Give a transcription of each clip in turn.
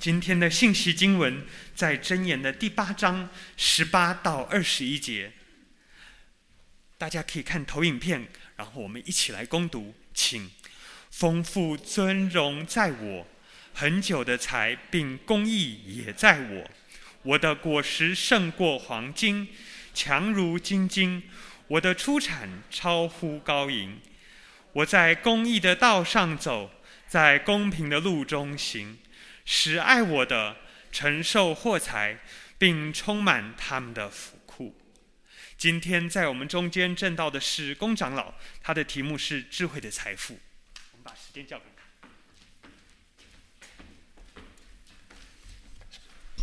今天的信息經文在《箴言》的第八章十八到二十一節，大家可以看投影片，然後我們一起來恭讀。請，豐富尊榮在我，恆久的財並公義也在我，我的果實勝過黃金，強如精金，我的出產超乎高銀，我在公義的道上走，在公平的路中行。使愛我的承受貨財，並充滿他們的府庫。今天在我們中間證道的是龔長老，他的題目是“智慧的財富”。我們把時間交給他。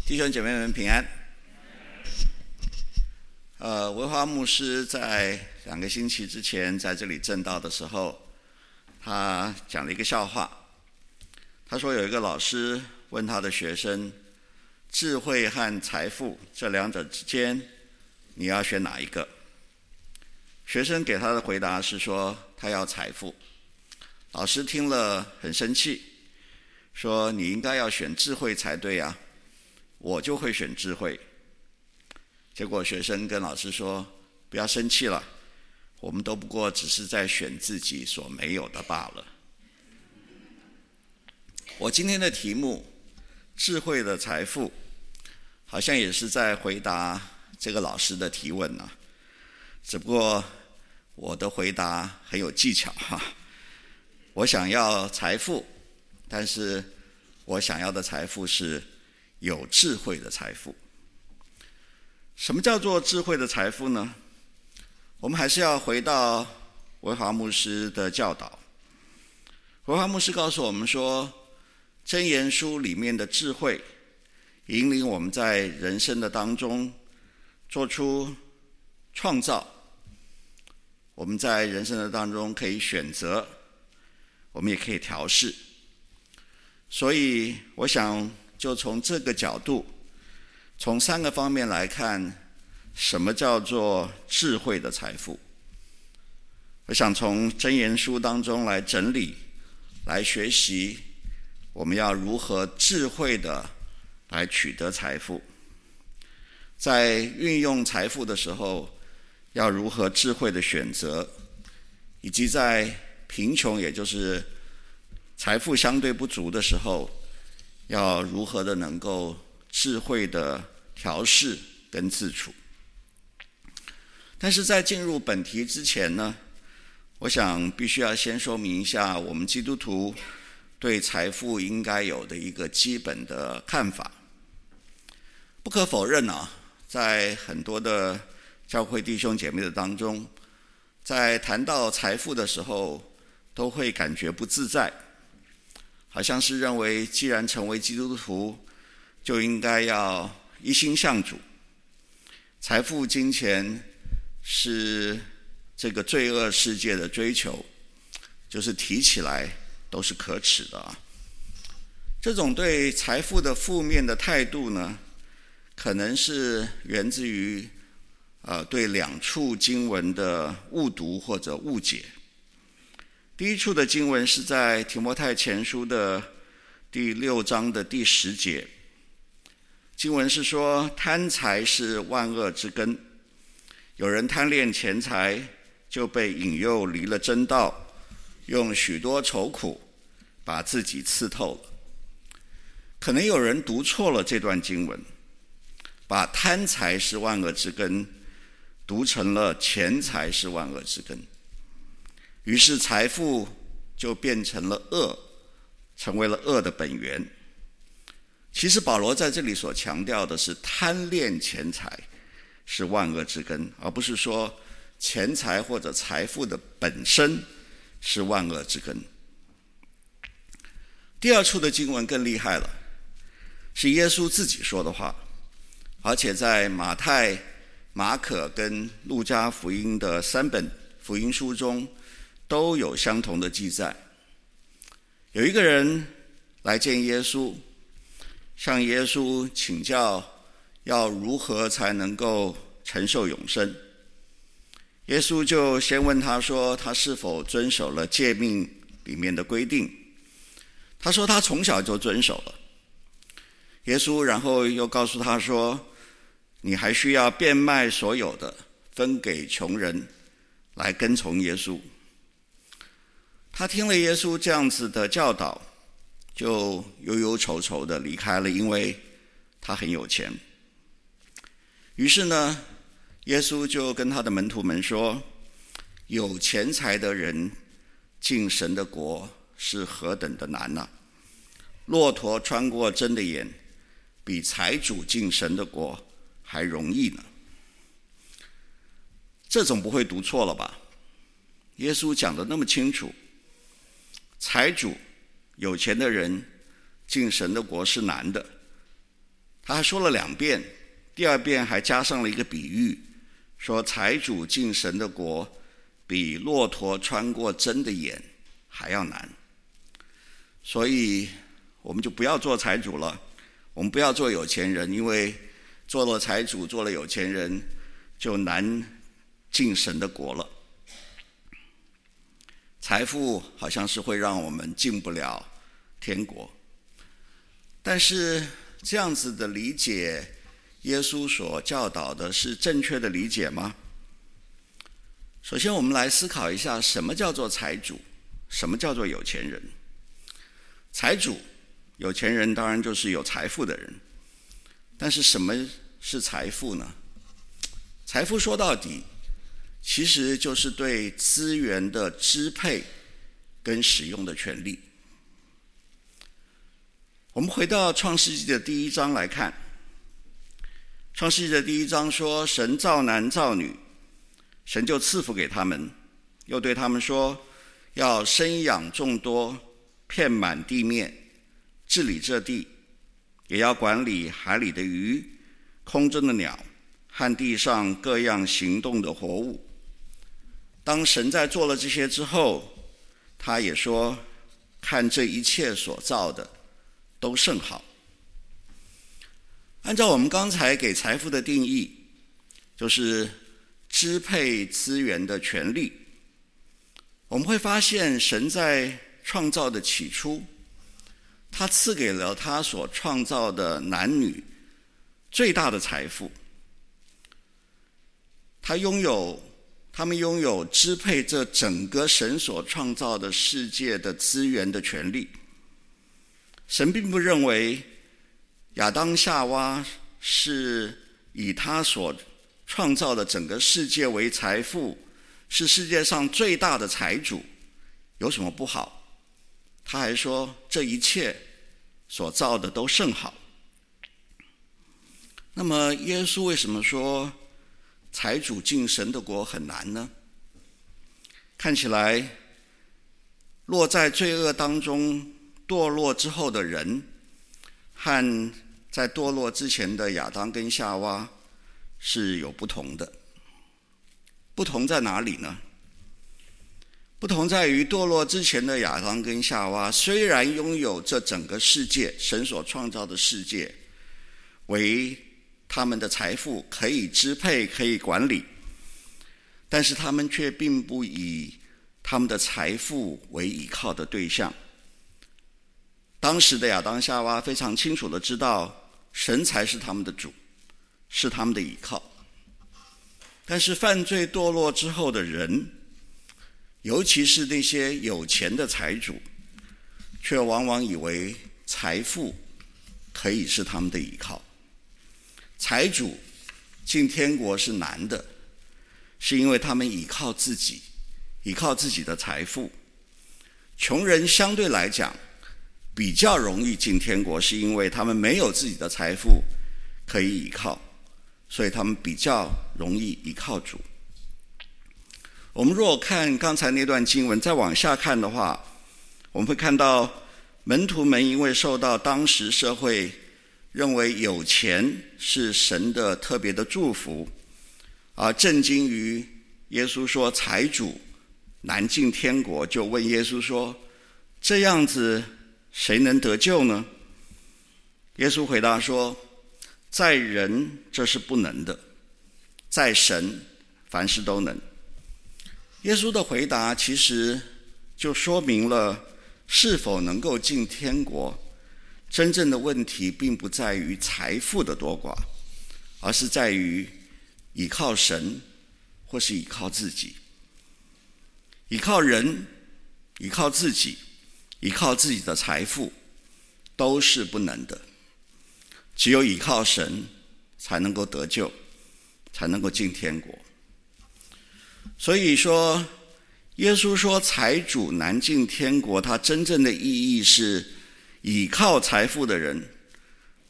弟兄姐妹們平安。呃，文化牧師在兩個星期之前在這裡證道的時候，他講了一個笑話。他說有一個老師。問他的學生：“智慧和財富這兩者之間，你要選哪一個？”學生給他的回答是說：“他要財富。”老師聽了很生氣，說：“你應該要選智慧才對啊！我就會選智慧。”結果學生跟老師說：“不要生氣了，我們都不過只是在選自己所沒有的罷了。”我今天的題目，智慧的財富，好像也是在回答這個老師的提問呢、啊。只不過我的回答很有技巧哈、啊。我想要財富，但是我想要的財富是有智慧的財富。什麼叫做智慧的財富呢？我們還是要回到維華牧師的教導。維華牧師告訴我們說。《真言書》裡面的智慧，引領我們在人生的當中做出創造。我們在人生的當中可以選擇，我們也可以調試。所以，我想就從這個角度，從三個方面來看，什麼叫做智慧的財富？我想從《真言書》當中來整理，來學習。我們要如何智慧的來取得財富？在運用財富的時候，要如何智慧的選擇？以及在貧窮，也就是財富相對不足的時候，要如何的能夠智慧的調適跟自處？但是在進入本題之前呢，我想必須要先說明一下，我們基督徒。對財富應該有的一個基本的看法。不可否認啊，在很多的教會弟兄姐妹的當中，在談到財富的時候，都會感覺不自在，好像是認為既然成為基督徒，就應該要一心向主。財富金錢是這個罪惡世界的追求，就是提起來。都是可恥的啊！這種對財富的負面的態度呢，可能是源自於呃對兩處經文的誤讀或者誤解。第一處的經文是在提摩太前書的第六章的第十節，經文是說：“貪財是萬惡之根，有人貪戀錢財，就被引誘離了真道。”用許多愁苦把自己刺透了。可能有人讀錯了這段經文，把“貪財是萬惡之根”讀成了“錢財是萬惡之根”，於是財富就變成了惡，成為了惡的本源。其實保羅在這裡所強調的是貪戀錢財是萬惡之根，而不是說錢財或者財富的本身。是萬惡之根。第二處的經文更厲害了，是耶穌自己說的話，而且在馬太、馬可跟路加福音的三本福音書中都有相同的記載。有一個人來見耶穌，向耶穌請教要如何才能夠承受永生。耶穌就先問他說：“他是否遵守了誡命裡面的規定？”他說：“他從小就遵守了。”耶穌然後又告訴他說：“你還需要變賣所有的，分給窮人，來跟從耶穌。”他聽了耶穌這樣子的教導，就憂憂愁愁的離開了，因為他很有錢。於是呢。耶穌就跟他的門徒們說：“有錢財的人進神的國是何等的難呢、啊？駱駝穿過針的眼，比財主進神的國還容易呢。”這總不會讀錯了吧？耶穌講的那麼清楚，財主、有錢的人進神的國是難的。他還說了兩遍，第二遍還加上了一個比喻。說財主進神的國，比駱駝穿過針的眼還要難。所以，我們就不要做財主了，我們不要做有錢人，因為做了財主、做了有錢人，就難進神的國了。財富好像是會讓我們進不了天國，但是這樣子的理解。耶穌所教導的是正確的理解嗎？首先，我們來思考一下，什麼叫做財主，什麼叫做有錢人？財主、有錢人當然就是有財富的人。但是，什麼是財富呢？財富說到底，其實就是對資源的支配跟使用的權利。我們回到《創世記》的第一章來看。創世紀的第一章說：“神造男造女，神就賜福給他們，又對他們說，要生養眾多，遍滿地面，治理這地，也要管理海裡的魚，空中的鳥，和地上各樣行動的活物。”當神在做了這些之後，他也說：“看這一切所造的，都甚好。”按照我們剛才給財富的定義，就是支配資源的權利。我們會發現，神在創造的起初，他賜給了他所創造的男女最大的財富。他擁有，他們擁有支配這整個神所創造的世界的資源的權利。神並不認為。亞當夏娃是以他所創造的整個世界為財富，是世界上最大的財主，有什麼不好？他還說這一切所造的都甚好。那麼耶穌為什麼說財主進神的國很難呢？看起來落在罪惡當中墮落之後的人和。在墮落之前的亞當跟夏娃是有不同的，不同在哪裡呢？不同在於墮落之前的亞當跟夏娃雖然擁有這整個世界，神所創造的世界為他們的財富可以支配、可以管理，但是他們卻並不以他們的財富為依靠的對象。當時的亞當夏娃非常清楚的知道。神才是他們的主，是他們的依靠。但是犯罪墮落之後的人，尤其是那些有錢的財主，卻往往以為財富可以是他們的依靠。財主進天國是難的，是因為他們倚靠自己，依靠自己的財富。窮人相對來講。比較容易進天國，是因為他們沒有自己的財富可以依靠，所以他們比較容易依靠主。我們若看剛才那段經文，再往下看的話，我們會看到門徒們因為受到當時社會認為有錢是神的特別的祝福，而震驚於耶穌說財主難進天國，就問耶穌說這樣子。誰能得救呢？耶穌回答說：“在人，這是不能的；在神，凡事都能。”耶穌的回答其實就說明了，是否能夠進天國，真正的問題並不在於財富的多寡，而是在於依靠神，或是依靠自己，依靠人，依靠自己。依靠自己的財富都是不能的，只有依靠神才能夠得救，才能夠進天國。所以說，耶穌說“財主難進天國”，它真正的意義是：依靠財富的人，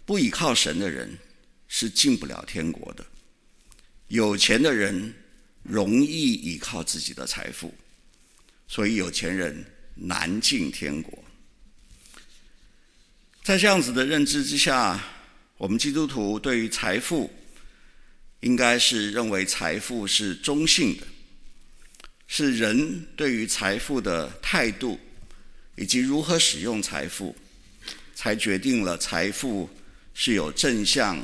不依靠神的人是進不了天國的。有錢的人容易依靠自己的財富，所以有錢人，難進天國。在這樣子的認知之下，我們基督徒對於財富，應該是認為財富是中性的，是人對於財富的態度以及如何使用財富，才決定了財富是有正向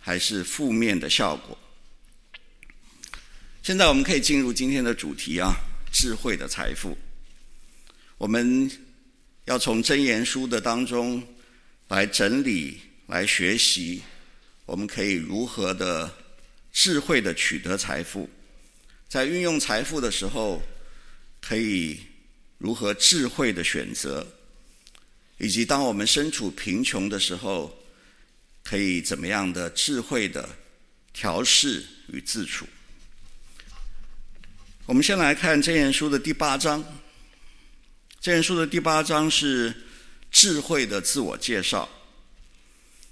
還是負面的效果。現在我們可以進入今天的主題啊，智慧的財富。我們要從《箴言書》的當中來整理、來學習，我們可以如何的智慧的取得財富，在運用財富的時候，可以如何智慧的選擇，以及當我們身處貧窮的時候，可以怎麼樣的智慧的調適與自處。我們先來看《箴言書》的第八章。這本書的第八章是智慧的自我介紹，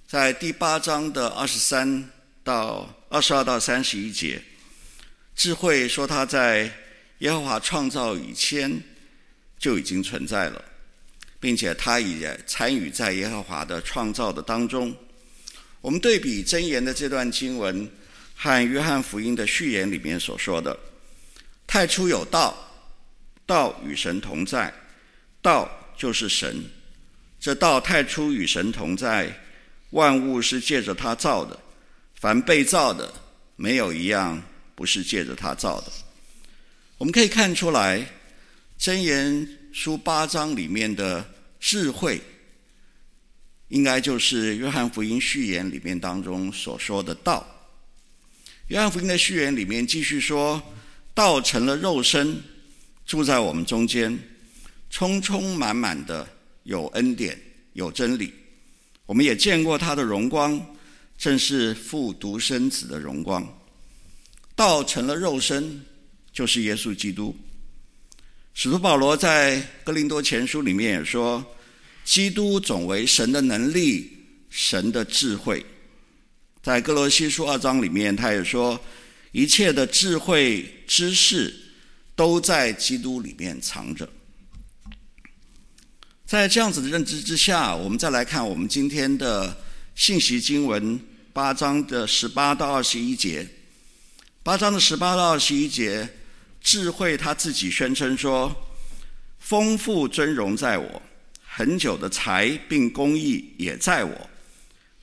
在第八章的二十三到二十二到三十一節，智慧說他在耶和華創造以前就已經存在了，並且他也參與在耶和華的創造的當中。我們對比箴言的這段經文和約翰福音的序言裡面所說的：“太初有道，道與神同在。”道就是神，這道太初與神同在，萬物是借着它造的，凡被造的，沒有一樣不是借着它造的。我們可以看出來，《箴言書》八章裡面的智慧，應該就是《約翰福音》序言裡面當中所說的道。《約翰福音》的序言裡面繼續說：“道成了肉身，住在我們中間。”充充滿滿的有恩典有真理，我們也見過他的榮光，正是父獨生子的榮光。道成了肉身，就是耶穌基督。使徒保羅在《哥林多前書》裡面也說：“基督總為神的能力，神的智慧。”在《歌羅西書》二章裡面，他也說：“一切的智慧知識都在基督裡面藏着。”在這樣子的認知之下，我們再來看我們今天的《信息經文》八章的十八到二十一節。八章的十八到二十一節，智慧他自己宣稱說：“豐富尊榮在我，恆久的財並公義也在我。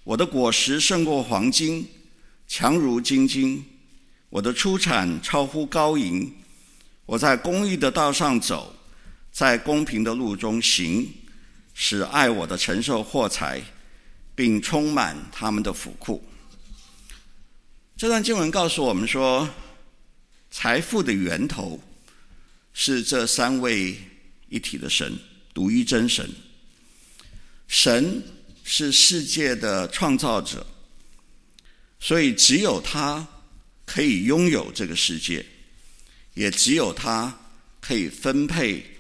我的果實勝過黃金，強如精金。我的出產超乎高銀。我在公義的道上走，在公平的路中行。”使愛我的承受貨財，並充滿他們的府庫。這段經文告訴我們說，財富的源頭是這三位一體的神，獨一真神。神是世界的創造者，所以只有他可以擁有這個世界，也只有他可以分配。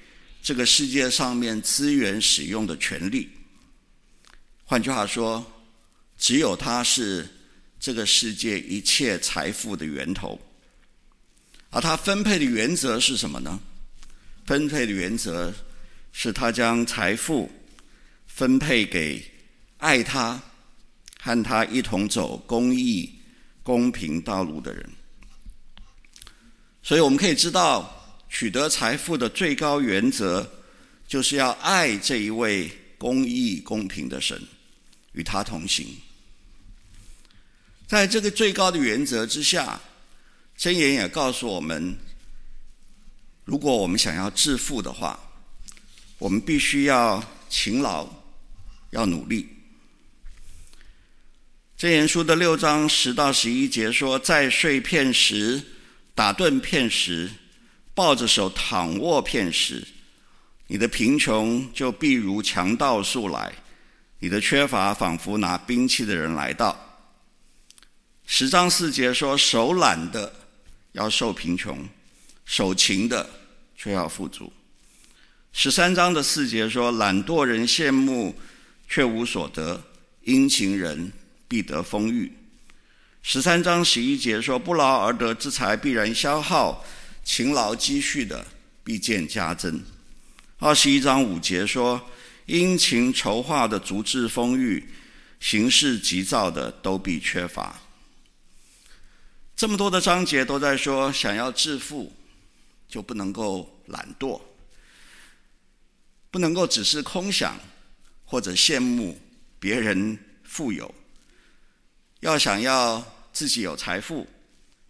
這個世界上面資源使用的權利，換句話說，只有他是這個世界一切財富的源頭。而他分配的原則是什麼呢？分配的原則是他將財富分配給愛他和他一同走公義、公平道路的人。所以我們可以知道。取得財富的最高原則，就是要愛這一位公義公平的神，與他同行。在這個最高的原則之下，箴言也告訴我們：如果我們想要致富的話，我們必須要勤勞，要努力。箴言書的六章十到十一節說，在睡片時，打盹片時。抱着手躺臥片時，你的貧窮就必如強盜速來；你的缺乏仿佛拿兵器的人來到。十章四節說：手懶的要受貧窮，手勤的卻要富足。十三章的四節說：懶惰人羨慕，卻無所得；殷勤人必得豐裕。十三章十一節說：不勞而得之財必然消耗。勤勞積蓄的必見加增，二十一章五節說：殷勤籌劃的足致豐裕，行事急躁的都必缺乏。這麼多的章節都在說，想要致富，就不能夠懶惰，不能夠只是空想或者羨慕別人富有。要想要自己有財富，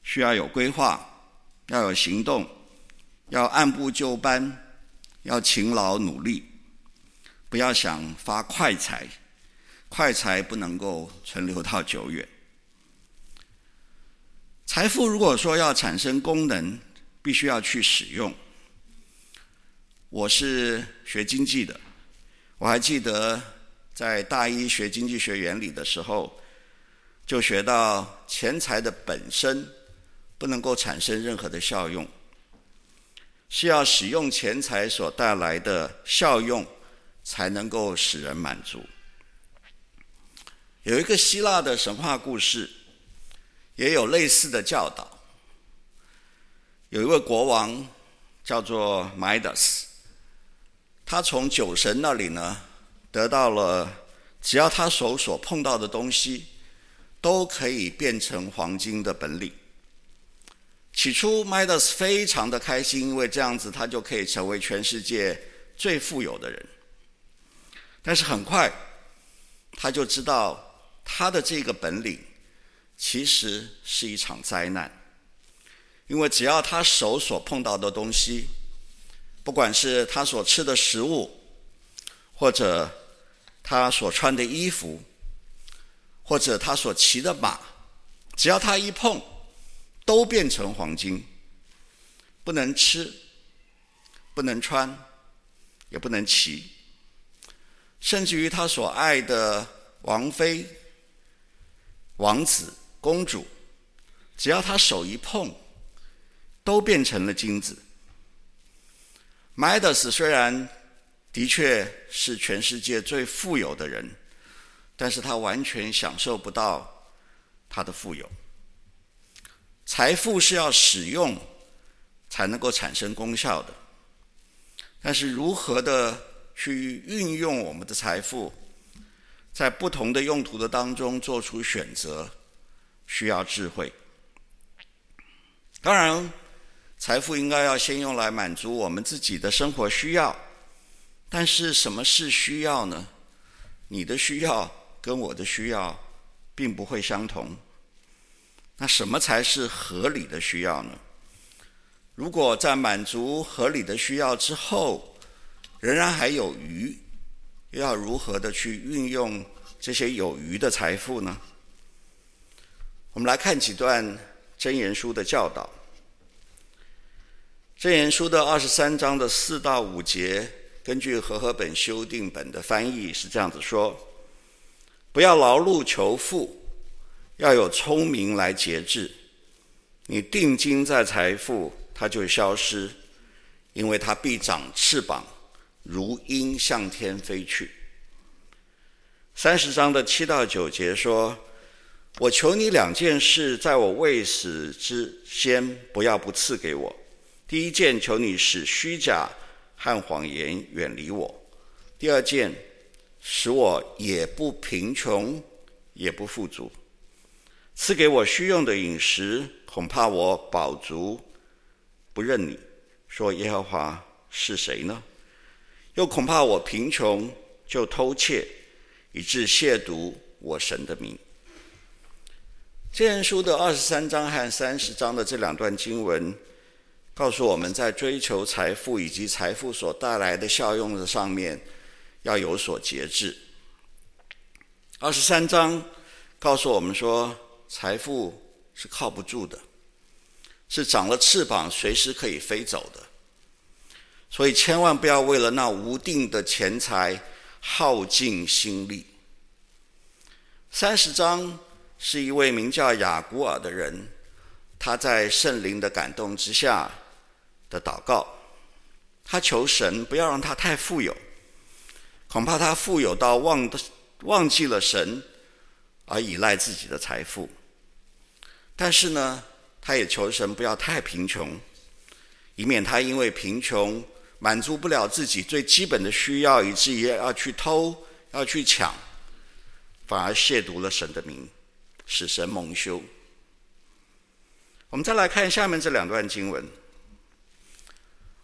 需要有規劃。要有行動，要按部就班，要勤勞努力，不要想發快財，快財不能夠存留到久遠。財富如果說要產生功能，必須要去使用。我是學經濟的，我還記得在大一學經濟學原理的時候，就學到錢財的本身。不能夠產生任何的效用，需要使用錢財所帶來的效用，才能夠使人滿足。有一個希臘的神話故事，也有類似的教導。有一位國王叫做邁達斯，他從酒神那裡呢得到了，只要他手所，所碰到的東西，都可以變成黃金的本領。起初，邁達斯非常的開心，因為這樣子他就可以成為全世界最富有的人。但是很快，他就知道他的這個本領其實是一場災難，因為只要他手所碰到的東西，不管是他所吃的食物，或者他所穿的衣服，或者他所騎的馬，只要他一碰。都變成黃金，不能吃，不能穿，也不能騎，甚至於他所愛的王妃、王子、公主，只要他手一碰，都變成了金子。麥德斯雖然的確是全世界最富有的人，但是他完全享受不到他的富有。財富是要使用才能夠產生功效的，但是如何的去運用我們的財富，在不同的用途的當中做出選擇，需要智慧。當然，財富應該要先用來滿足我們自己的生活需要，但是什麼是需要呢？你的需要跟我的需要並不會相同。那什麼才是合理的需要呢？如果在滿足合理的需要之後，仍然還有餘，又要如何的去運用這些有餘的財富呢？我們來看幾段真言書的教導《真言書》的教導，《真言書》的二十三章的四到五節，根據和合本修訂本的翻譯是這樣子說：“不要勞碌求富。”要有聰明來節制，你定睛在財富，它就消失，因為它必長翅膀，如鷹向天飛去。三十章的七到九節說：“我求你兩件事，在我未死之先，不要不賜給我。第一件，求你使虛假和謊言遠離我；第二件，使我也不貧窮，也不富足。”賜給我需用的飲食，恐怕我飽足不認你，說耶和華是誰呢？又恐怕我貧窮就偷竊，以致褻瀆我神的名。箴言書的二十三章和三十章的這兩段經文，告訴我們在追求財富以及財富所帶來的效用的上面，要有所節制。二十三章告訴我們說。財富是靠不住的，是長了翅膀，隨時可以飛走的。所以千萬不要為了那無定的錢財耗盡心力。三十章是一位名叫雅古爾的人，他在聖靈的感動之下的禱告，他求神不要讓他太富有，恐怕他富有到忘忘記了神，而依賴自己的財富。但是呢，他也求神不要太貧窮，以免他因為貧窮滿足不了自己最基本的需要，以至於要去偷、要去搶，反而褻瀆了神的名，使神蒙羞。我們再來看下面這兩段經文：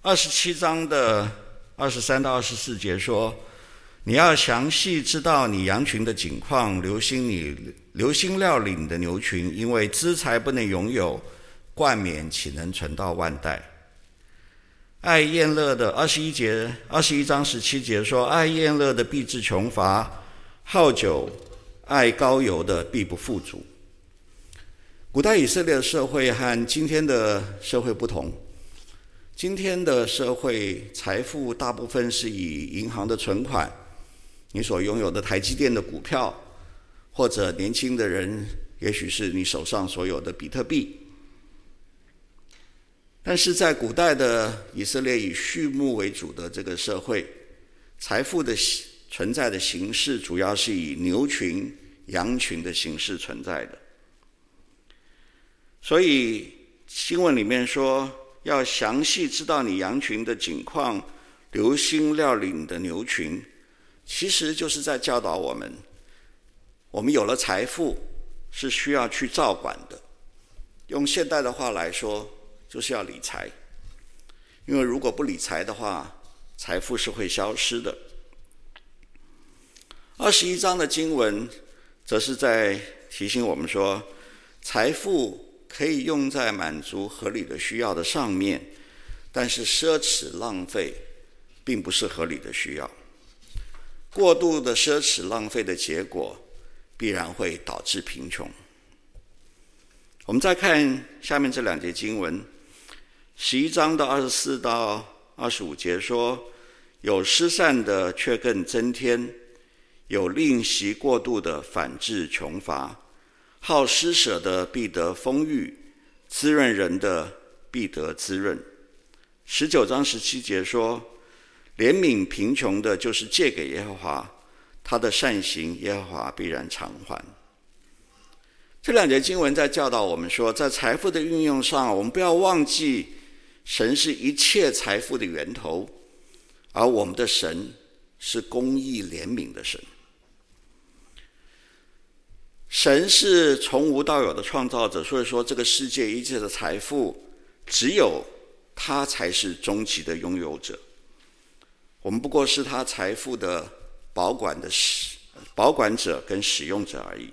二十七章的二十三到二十四節說。你要詳細知道你羊群的景況，留心你留心料理你的牛群，因為資財不能擁有，冠冕豈能存到萬代？愛宴樂的二十一節二十一章十七節說：愛宴樂的必致窮乏，好酒；愛膏油的必不富足。古代以色列的社會和今天的社會不同，今天的社會財富大部分是以銀行的存款，你所擁有的台積電的股票，或者年輕的人，也許是你手上所有的比特幣。但是在古代的以色列以畜牧為主的這個社會，財富的存在的形式主要是以牛群、羊群的形式存在的。所以箴言裡面說，要詳細知道你羊群的景況，留心料理你的牛群。其實就是在教導我們，我們有了財富是需要去照管的。用現代的話來說，就是要理財。因為如果不理財的話，財富是會消失的。二十一章的經文則是在提醒我們說，財富可以用在滿足合理的需要的上面，但是奢侈浪費並不是合理的需要。過度的奢侈浪費的結果，必然會導致貧窮。我們再看下面這兩節經文，十一章的24到二十四到二十五節說：有施散的卻更增添，有吝惜過度的反致窮乏。好施舍的必得豐裕，滋潤人的必得滋潤。十九章十七節說。憐憫貧窮的，就是借給耶和華，他的善行，耶和華必然償還。這兩節經文在教導我們說，在財富的運用上，我們不要忘記，神是一切財富的源頭，而我們的神是公義憐憫的神。神是從無到有的創造者，所以說，這個世界一切的財富，只有他才是終極的擁有者。我們不過是他財富的保管的使，保管者跟使用者而已。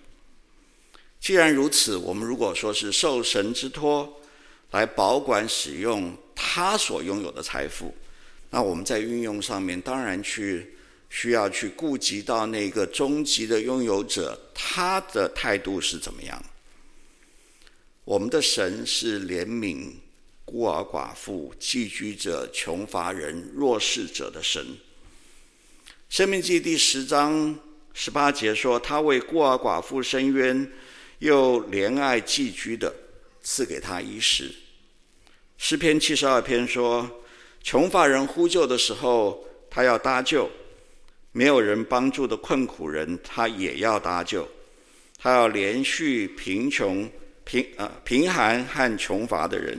既然如此，我們如果說是受神之托來保管使用他所擁有的財富，那我們在運用上面當然去需要去顧及到那個終極的擁有者，他的態度是怎麼樣？我們的神是憐憫孤兒寡婦、寄居者、窮乏人、弱勢者的神。申命記第十章十八節說：“他為孤兒寡婦伸冤，又憐愛寄居的，賜給他衣食。”詩篇七十二篇說：“窮乏人呼救的時候，他要搭救；沒有人幫助的困苦人，他也要搭救。他要憐恤貧窮、貧呃貧寒和窮乏的人。”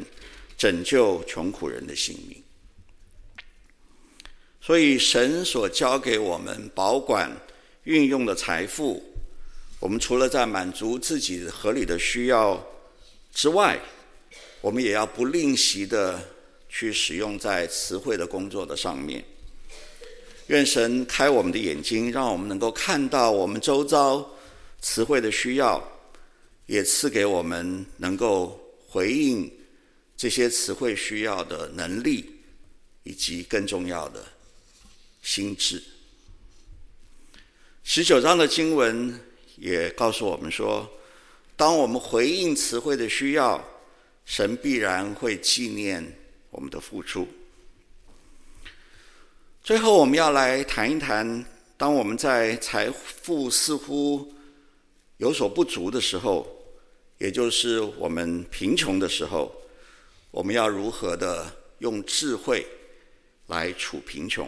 拯救窮苦人的性命。所以，神所交給我們保管、運用的財富，我們除了在滿足自己合理的需要之外，我們也要不吝惜地去使用在慈惠的工作的上面。願神開我們的眼睛，讓我們能夠看到我們周遭慈惠的需要，也賜給我們能夠回應。這些詞彙需要的能力，以及更重要的心智。十九章的經文也告訴我們說，當我們回應詞彙的需要，神必然會紀念我們的付出。最後，我們要來談一談，當我們在財富似乎有所不足的時候，也就是我們貧窮的時候。我們要如何的用智慧來處貧窮？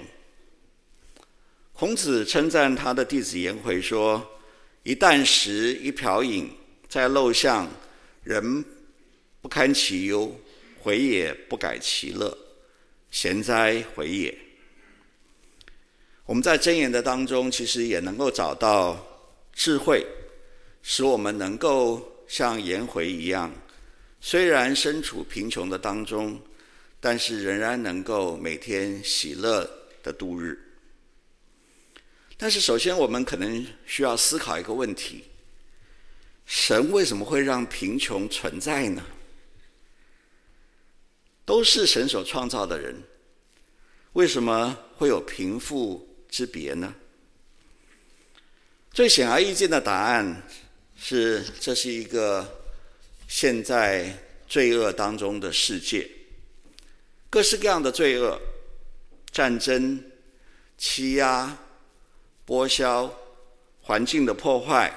孔子稱讚他的弟子顏回說：“一簞食，一瓢飲，在陋巷，人不堪其憂，回也不改其樂，賢哉，回也！”我們在箴言的當中，其實也能夠找到智慧，使我們能夠像顏回一樣。雖然身處貧窮的當中，但是仍然能夠每天喜樂的度日。但是，首先我們可能需要思考一個問題：神為什麼會讓貧窮存在呢？都是神所創造的人，為什麼會有貧富之別呢？最顯而易見的答案是，這是一個現在罪惡當中的世界，各式各樣的罪惡，戰爭、欺壓、剝削、環境的破壞、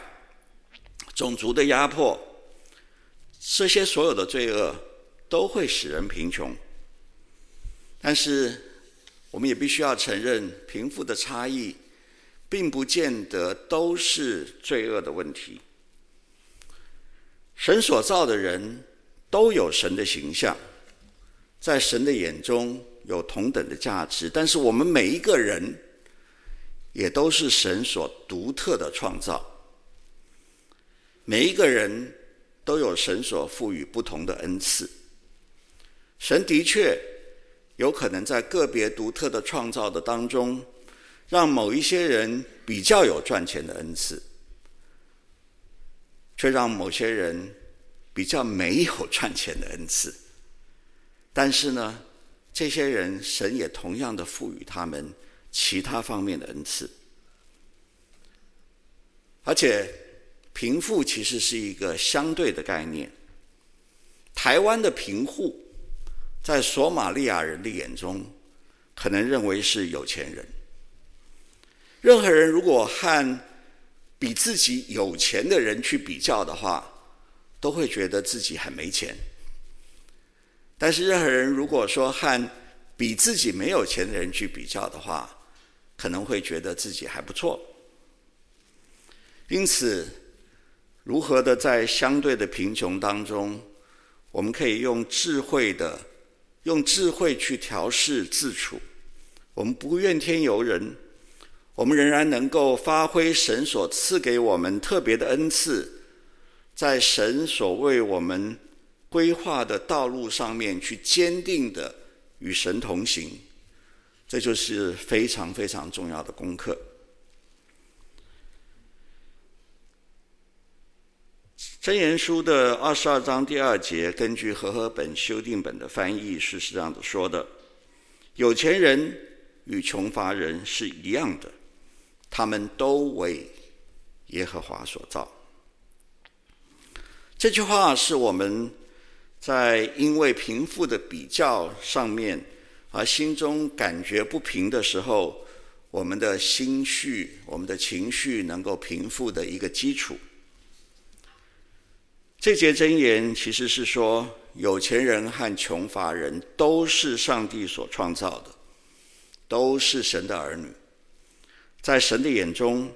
種族的壓迫，這些所有的罪惡都會使人貧窮。但是，我們也必須要承認，貧富的差異，並不見得都是罪惡的問題。神所造的人，都有神的形象，在神的眼中有同等的價值。但是我們每一個人，也都是神所獨特的創造。每一個人，都有神所賦予不同的恩賜。神的確，有可能在個別獨特的創造的當中，讓某一些人比較有賺錢的恩賜。卻讓某些人比較沒有賺錢的恩賜，但是呢，這些人神也同樣的賦予他們其他方面的恩賜，而且貧富其實是一個相對的概念。台灣的貧戶在索馬利亞人的眼中，可能認為是有錢人。任何人如果和比自己有錢的人去比較的話，都會覺得自己很沒錢。但是任何人如果說和比自己沒有錢的人去比較的話，可能會覺得自己還不錯。因此，如何的在相對的貧窮當中，我們可以用智慧的，用智慧去調適自處，我們不怨天尤人。我們仍然能夠發揮神所賜給我們特別的恩賜，在神所為我們規劃的道路上面去堅定的與神同行，這就是非常非常重要的功課。箴言書的二十二章第二節，根據和合本修訂本的翻譯是這樣子說的：“有錢人與窮乏人是一樣的。”他們都為耶和華所造。這句話是我們在因為貧富的比較上面而心中感覺不平的時候，我們的心緒、我們的情緒能夠平復的一個基礎。這節箴言其實是說，有錢人和窮乏人都是上帝所創造的，都是神的兒女。在神的眼中，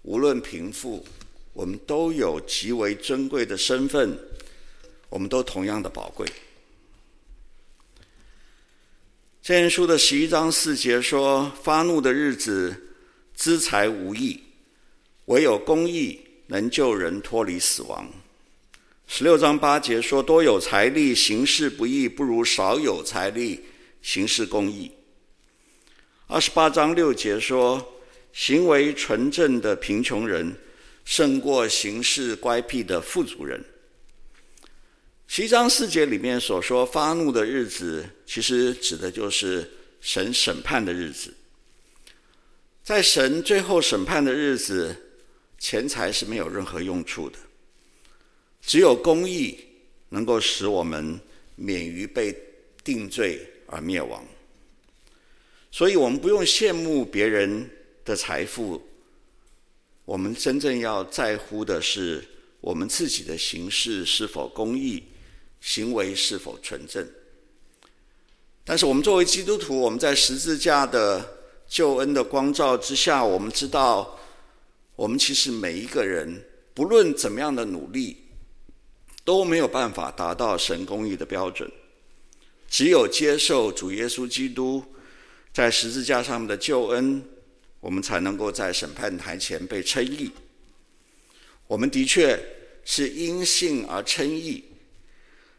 無論貧富，我們都有極為珍貴的身份，我們都同樣的寶貴。箴言書的十一章四節說：“發怒的日子，資財無益，唯有公義能救人脫離死亡。”十六章八節說：“多有財力行事不義，不如少有財力行事公義。”二十八章六節說。行為純正的貧窮人，勝過行事乖僻的富足人。西章四節裡面所說“發怒的日子”，其實指的就是神審判的日子。在神最後審判的日子，錢財是沒有任何用處的，只有公義能夠使我們免於被定罪而滅亡。所以，我們不用羨慕別人。的財富，我們真正要在乎的是我們自己的行事是否公義，行為是否純正。但是我們作為基督徒，我們在十字架的救恩的光照之下，我們知道，我們其實每一個人不論怎麼樣的努力，都沒有辦法達到神公義的標準。只有接受主耶穌基督在十字架上面的救恩。我們才能夠在審判台前被稱義。我們的確是因信而稱義，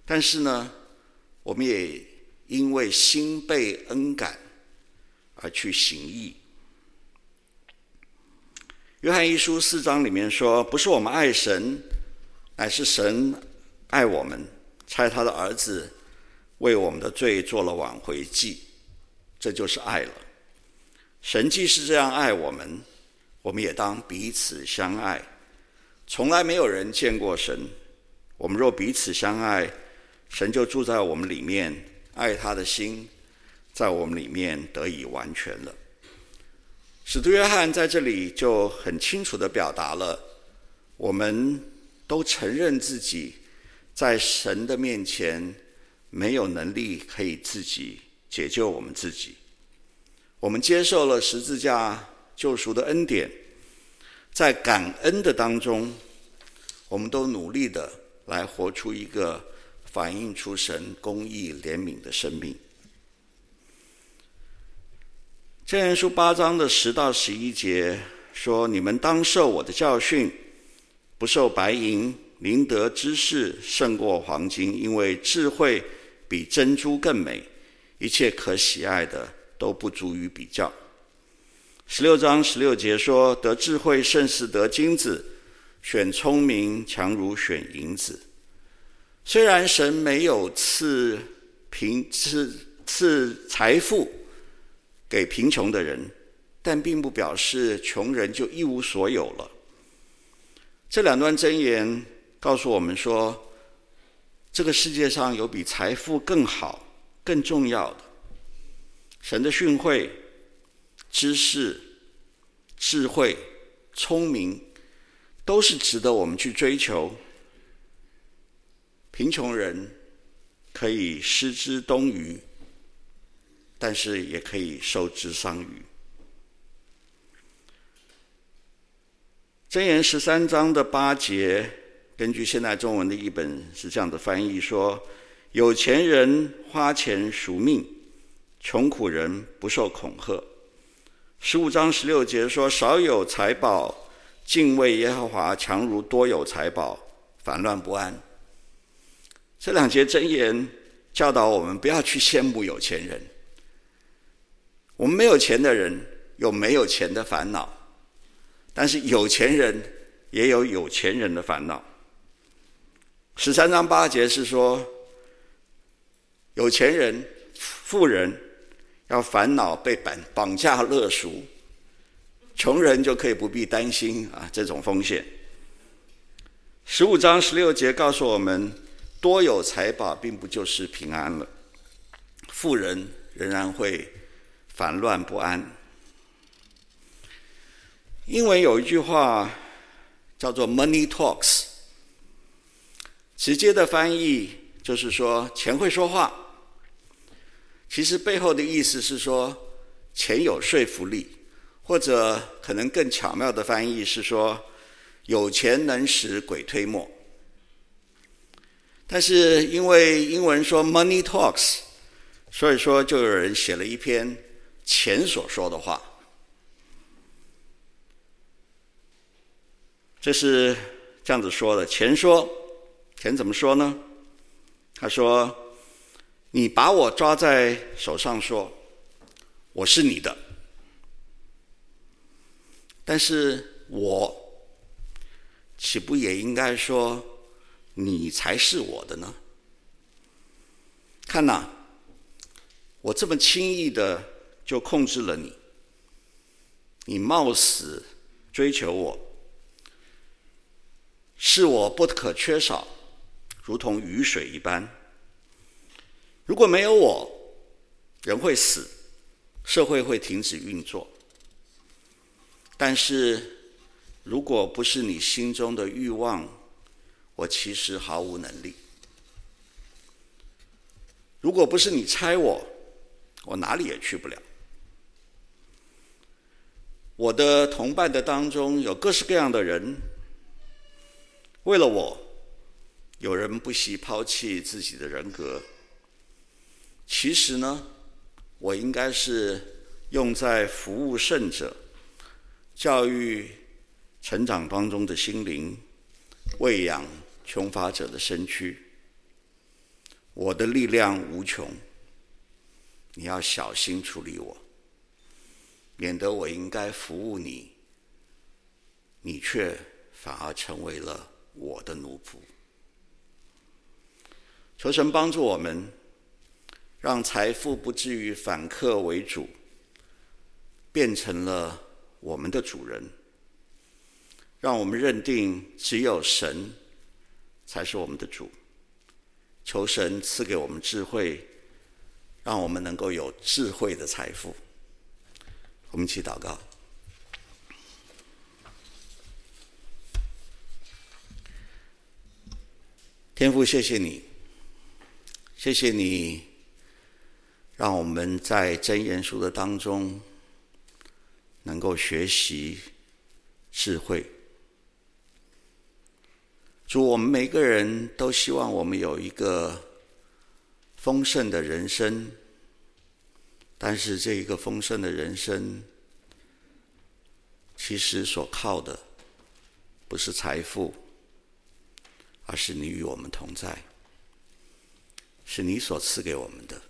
但是呢，我們也因為心被恩感而去行義。約翰一書四章裡面說：“不是我們愛神，乃是神愛我們，差他的兒子為我們的罪做了挽回祭，這就是愛了。”神既是這樣愛我們，我們也當彼此相愛。從來沒有人見過神，我們若彼此相愛，神就住在我們裡面，愛他的心在我們裡面得以完全了。使徒約翰在這裡就很清楚的表達了，我們都承認自己在神的面前沒有能力可以自己解救我們自己。我們接受了十字架救贖的恩典，在感恩的當中，我們都努力的來活出一個反映出神公義、憐憫的生命。箴言書八章的十到十一節說：“你們當受我的教訓，不受白銀，寧得知識勝過黃金，因為智慧比珍珠更美，一切可喜愛的。”都不足以比較。十六章十六節說：“得智慧勝似得金子，選聰明強如選銀子。”雖然神沒有賜貧賜賜財富給貧窮的人，但並不表示窮人就一無所有了。這兩段箴言告訴我們說，這個世界上有比財富更好、更重要的。神的訓誨、知識、智慧、聰明，都是值得我們去追求。貧窮人可以失之東隅，但是也可以收之桑榆。箴言十三章的八節，根據現代中文的譯本是這樣的翻譯說：“有錢人花錢贖命。”窮苦人不受恐嚇。十五章十六節說：“少有財寶，敬畏耶和華，強如多有財寶，煩亂不安。”這兩節箴言教導我們不要去羨慕有錢人。我們沒有錢的人有沒有錢的煩惱，但是有錢人也有有錢人的煩惱。十三章八節是說：“有錢人、富人。”要煩惱被綁綁架勒索，窮人就可以不必擔心啊，這種風險。十五章十六節告訴我們，多有財寶並不就是平安了，富人仍然會煩亂不安。英文有一句話叫做 “Money talks”，直接的翻譯就是說錢會說話。其實背後的意思是說，錢有說服力，或者可能更巧妙的翻譯是說，有錢能使鬼推磨。但是因為英文說 money talks，所以說就有人寫了一篇《錢所說的話》。這是這樣子說的：錢說，錢怎麼說呢？他說，你把我抓在手上說，說我是你的，但是我豈不也應該說你才是我的呢？看吶、啊，我這麼輕易的就控制了你，你冒死追求我，是我不可缺少，如同雨水一般。如果沒有我，人會死，社會會停止運作。但是，如果不是你心中的慾望，我其實毫無能力。如果不是你猜我，我哪裡也去不了。我的同伴的當中有各式各樣的人，為了我，有人不惜拋棄自己的人格。其實呢，我應該是用在服務聖者、教育成長當中的心靈，餵養窮乏者的身軀。我的力量無窮，你要小心處理我，免得我應該服務你，你卻反而成為了我的奴僕。求神幫助我們。讓財富不至於反客為主，變成了我們的主人。讓我們認定只有神才是我們的主。求神賜給我們智慧，讓我們能夠有智慧的財富。我們一起禱告。天父，謝謝你，謝謝你。讓我們在箴言書的當中，能夠學習智慧。主，我們每個人都希望我們有一個豐盛的人生，但是這一個豐盛的人生，其實所靠的不是財富，而是你與我們同在，是你所賜給我們的。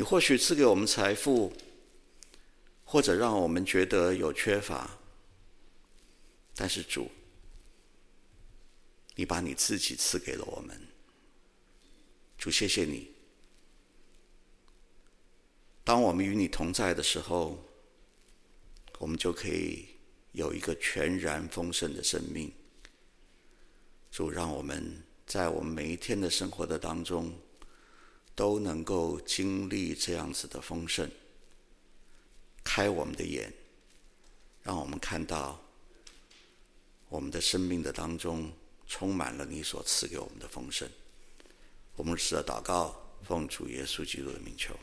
你或許賜給我們財富，或者讓我們覺得有缺乏，但是主，你把你自己賜給了我們。主，謝謝你。當我們與你同在的時候，我們就可以有一個全然豐盛的生命。主，讓我們在我們每一天的生活的當中，都能夠經歷這樣子的豐盛，開我們的眼，讓我們看到我們的生命的當中充滿了你所賜給我們的豐盛。我們是禱告，奉主耶穌基督的名求。